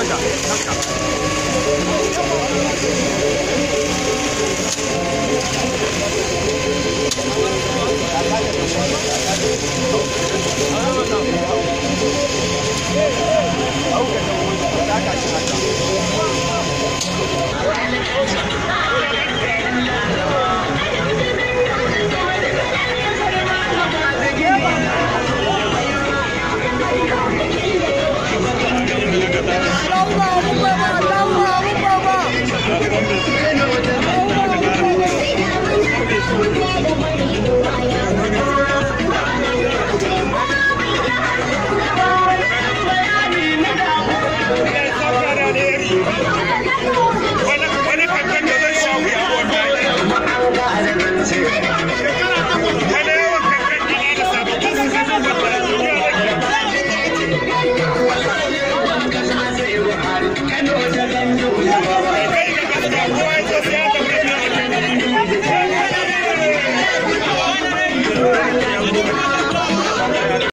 マジかマ Thank